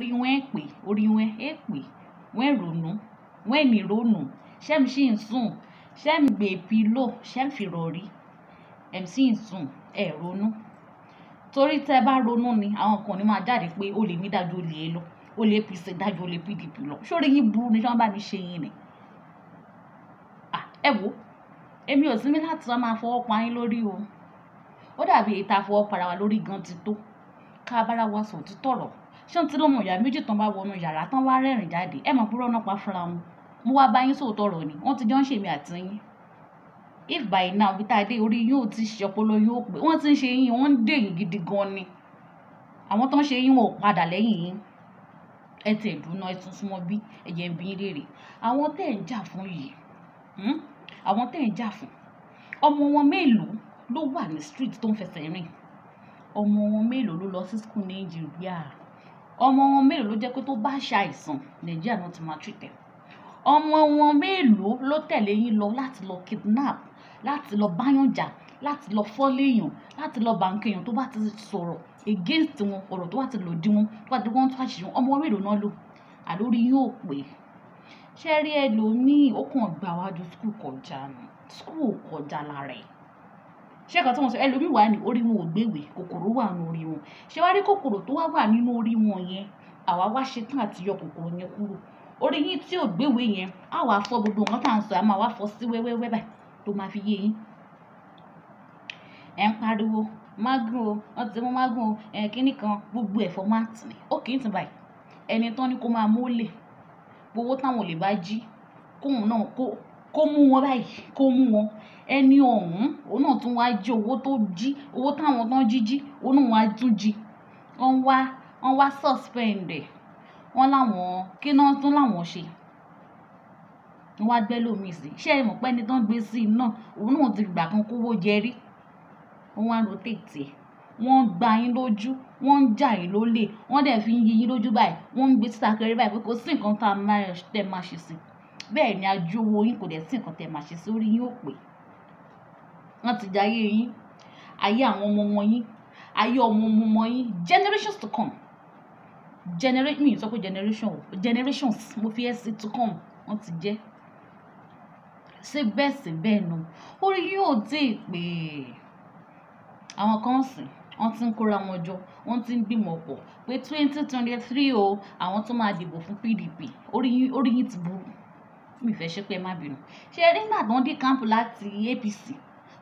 orí wọn ẹ̀ pé orí wọn ẹ̀ pé wọn ẹ̀ ronú wọn ẹ̀ ní ronú ṣẹ́mi sì ń sùn ṣẹ́mi gbé pílò ṣẹ́mi fi rọ̀rí ẹ̀mí sì ń sùn ẹ̀ e ronú torí tẹ́ bá ronú ni àwọn kan ní máa jáde pé olè mi dájú olè ẹ lọ olè apc dájú olè pdp lọ sórí yín burú ni sọ́n bá mi ṣe yín ni ẹ wò èmi ò sí láti sọ máa fọwọ́ pa yín lórí o ó dàbí ìta fọwọ́ para wa lórí gan ti tó ká bára wa sọ òtítọ́ ṣé n ti lọ́mọ ìyá méjì tán bá wọnú yàrá tán wá rẹ́rìn jáde ẹ mọ̀ púrọ́ náà pa fúnra wọn mo wá bá yín sóòótọ́ ọ̀rọ̀ ni wọ́n ti jọ ń ṣèmi àti yín if by now bí tá a dé orí yóò ti ṣe ọpọlọ yóò pé wọ́n ti ń ṣe yín wọ́n ń dè yín gidi gan ni àwọn tó ṣe yín wọn ò padà lẹ́yìn yín ẹ tẹ̀ dùnà ẹ tún súnmọ́ bí ẹ̀jẹ̀ ń bí yín léèrè àwọn tẹ̀ ń jà fún yìí hmm? àwọn tẹ̀ ń jà fún ọmọ wọn mélòó ló wà ní street tó ń fẹsẹ̀ rìn ọmọ wọn mélòó ló lọ sí school Nàìjíríà ọmọ wọn mélòó ló jẹ́ pé tó bá ṣe àìsàn nàìjíríà náà ti máa treat ẹ̀ ọmọ wọn mélòó ló tẹ̀lé yín lọ láti lọ kidnap láti lọ báyànjà láti lọ fọ́léèyàn láti lọ bàǹkèèyàn tó bá ti sọ̀rọ̀ against wọn ọ̀rọ̀ tó bá ti lòdì wọn tó bá ti wọ́n tó àṣìṣe wọn ọmọ mélòó náà lò àlórí yóò pé ṣé rí ẹlòmíì ó kàn gbà wájú skul kọjá ni skul kọjá lára ẹ̀ ṣé nǹkan tí mo sọ ẹlòmíì wà ní orí wọn ò gbéwèé kòkòrò wà ní orí wọn ṣé wàá rí kòkòrò tó wá wà nínú orí wọn yẹn àwa wá ṣetán àti yọ kòkòrò yẹn kúrò orí yín tí ò gbéwèé yẹn á wàá fọ gbogbo nǹkan tá à ń sọ á máa wá fọ sí wẹ́wẹ́wẹ́ báyìí tó máa fi yé yín ẹ ń pariwo magun o wọn ti mú magun o ẹ kíní kan gbogbo ẹ̀fọ́ máa tì mí ó kì í tìǹbà ẹni tán ni kó máa mólè gbowó táwọn ò lè bá jí kóun náà kó kó mú wọn báyìí kó mú wọn ẹni ọ̀hún òun náà tún wá jí owó tó jí owó táwọn tán jí jí òun náà wá tún jí wọ́n wá wọ́n wá suspend ẹ̀ wọ́n láwọn kí náà tún láwọn ṣe wọ́n wá gbẹ́ lómi sí ṣé ẹ mọ̀ pé ẹni tán gbé sí iná òun náà ti gbà kan kówó jẹ rí wá rotate ẹ̀ wọ́n gba yín lójú wọ́n ń jà yín lólè wọ́n dẹ̀ fi ń yí yín lójú báyìí wọ́n ń gbé títà kẹrẹ́ báyìí pé kò sí nǹkan tá a máa tẹ̀ máa ṣe sí i bẹ́ẹ̀ ni ajú owó yín kò dẹ̀ sí nǹkan tẹ̀ máa ṣe sórí yín ò pé wọ́n ti jayé yín ayé àwọn ọmọ ọmọ yín ayé ọmọ ọmọ ọmọ yín generations to come generate mi sọ pé generation generations mo fi ẹ́ sí to come wọ́n ti jẹ́ ṣé bẹ́ẹ̀ sí bẹ́ẹ̀ nu orí yóò dé pé àwọn kan sìn wọ́n ti ń kóra wọn jọ wọ́n ti ń gbìmọ̀ pọ̀ pé twenty twenty three o àwọn tó máa dìbò fún PDP orí yín ti burú mi fẹ́ ṣépè má bínú ṣe nígbà tó ń dé kámpù láti APC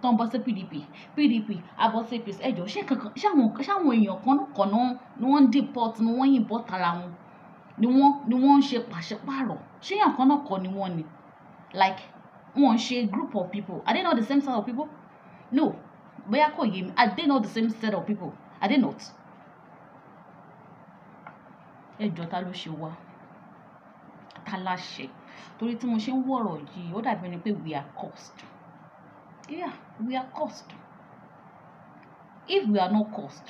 tó ń bọ́ sí PDP PDP abọ́ sí APC ẹ̀jọ̀ ṣé kankan ṣáwọn èèyàn kan kan ni wọ́n ń deport ni wọ́n yìnbọn tara wọn ni wọ́n ni wọ́n ń ṣe pàṣípààrọ̀ ṣé èèyàn kan náà kọ́ ni wọ́n ni like wọ́n ń ṣe group of people are they not the same set of people no bóyá kò yé mi are they not the same set of people are they not ẹ̀jọ̀ ta ló ṣe wá ta la ṣe torí tí mo ṣe ń wọ̀rọ̀ yìí ó dàbí ẹni pé we are cursed yeah we are cursed if we are not cursed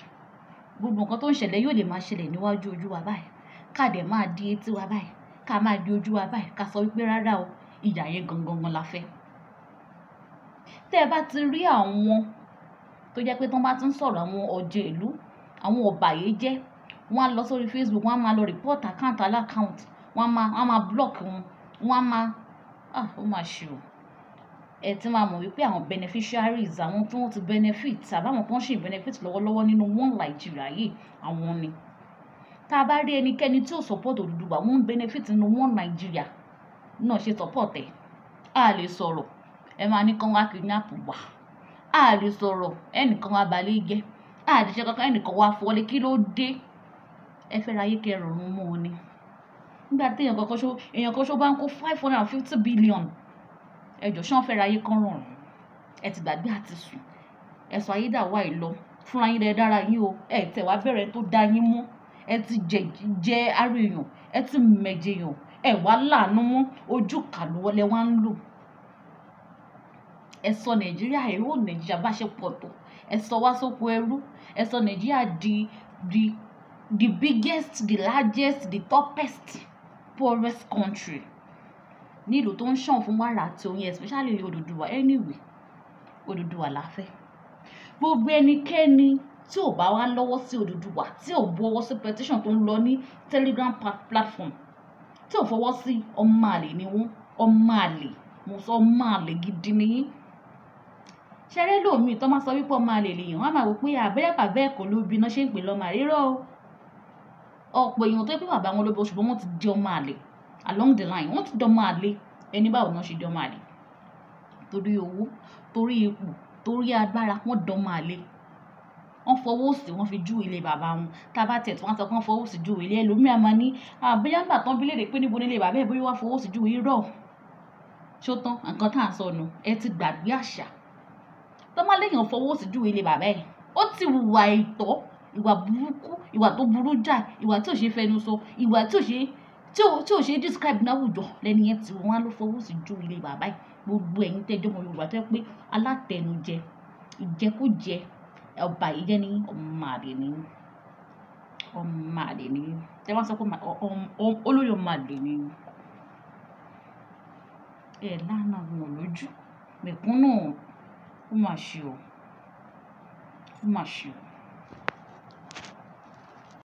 gbogbo nǹkan tó ń ṣẹlẹ̀ yóò lè máa ṣẹlẹ̀ níwájú ojú wa báyìí ká dẹ̀ máa di etí wa báyìí ká máa di ojú wa báyìí ká sọ wípé rárá o ìyà yẹn gangan la fẹ́ tẹ́ ẹ bá ti rí àwọn tó jẹ́ pé tí wọ́n bá ti ń sọ̀rọ̀ àwọn ọ̀jẹ̀ ìlú àwọn ọ̀bàyéjẹ́ wọ́n á lọ sórí Facebook wọ́n á máa lọ report account alákàùnt wọ́n á máa block wọn wọ́n á máa ah ó mà ṣe o ẹ ti máa mọ̀ wípé àwọn beneficiaries àwọn tí wọ́n ti benefit àbáwọn kan ṣì ń benefit lọ́wọ́lọ́wọ́ nínú one Nigeria yìí àwọn ni tá a bá rí ẹnikẹ́ni tí ò support Odùduwà wọ́n ń benefit nínú one Nigeria náà ṣe support ẹ̀ a lè sọ̀rọ̀ ẹ máa ní kán wá kidnap wá a lè sọ̀rọ̀ ẹnìkan wá balẹ̀ jẹ́ a lè ṣe kankan ẹnìkan wá fọlé kí ló dé ẹ fẹ́ ra ayé kẹrọ̀rùn mọ́ ọ ni nígbà tí èèyàn kan ṣo èèyàn kan ṣo bá ń kó five hundred and fifty billion ẹjọ ṣé wọn fẹ́ ra ayé kan rọrùn ẹ ti gbàgbé àti sùn ẹ̀sùn ayédàwà ìlọ fúnra yín rẹ dára yín o ẹ tẹ̀ wá bẹ̀rẹ̀ tó dá yín mú ẹ ti jẹ jẹ ara èèyàn ẹ ti mẹ̀jẹ̀ èèyàn ẹ wá láàánú mú ojú kàlùwọlẹ wá ń lò ẹ sọ nàìjíríà èrò nàìjíríà bá ṣe pọ̀ tó ẹ sọ wá sóko ẹrú ẹ sọ nàìjíríà di the the biggest the largest the toughest poorest country ní ìlú tó ń ṣàn fún wàrà àti oyin especially Odùduwà anyway Odùduwà la fẹ́ gbogbo ẹnikẹ́ni tí ò bá wá lọ́wọ́ sí Odùduwà tí ò buwọ́ sí petition tó ń lọ ní Telegram platform tí ò fọwọ́ sí ọmọ àlè ni wọ́n ọmọ àlè mo sọ ọmọ àlè gidi nìyí ṣẹlẹ lómi tó máa sọ wípé ọmọ àlè lèèyàn wọn máa wò pé àbẹ́yà bàbá ẹ̀kọ́ ló bí iná ṣe ń pè lọ́mọ àrírọ́ o ọ̀pọ̀ èèyàn tó yẹ pé bàbá wọn ló bọ́ ṣùgbọ́n wọ́n ti di ọmọ àlè along the line wọ́n ti di ọmọ àlè ẹni báwo náà ṣe di ọmọ àlè torí owó torí ipò torí agbára wọ́n di ọmọ àlè wọ́n fọwọ́ sí wọ́n fi ju ilé bàbá wọn tá a bá tẹ̀ tí wọ́n sọ pé wọ́n fọwọ́ sí ju ilé ẹlòmíà máa ní àbíyá ńgbà tán bílẹ̀ rè pé níbo nílé bàbá ẹ̀ bóyá wọ́n fọwọ́ sí ju irọ́ ṣó tán nǹkan tá à ń sọ nù ẹ ti gbàgbé àṣà tọ́mọ́lẹ́yìn fọwọ́ sí ju ilé bàbá ẹ̀ ó ti wùwà ìtọ́ ìwà burúkú ìwà tó burú jáì ìwà tí ò ṣe fẹnu sọ ìwà tí ò ṣe tí ò tí ò ṣe describe náwùjọ lẹ́ni yẹn tí wọ́n á fọwọ́ sí ju ilé bàbá yìí gbogbo ẹ̀yin tẹ́jọ́ ọmọ Yorùbá tẹ́ pé alátẹnujẹ ìjẹkújẹ ọba ìjẹ ní ọmọ àdè ní ọmọ àdè ní tẹ́ wọ́n sọ pé olóyè ọmọ àdè ní ẹ̀ lánàá wọn lójú mẹ̀kúnnù ó mà ṣe ọ́ ó mà ṣe ọ́.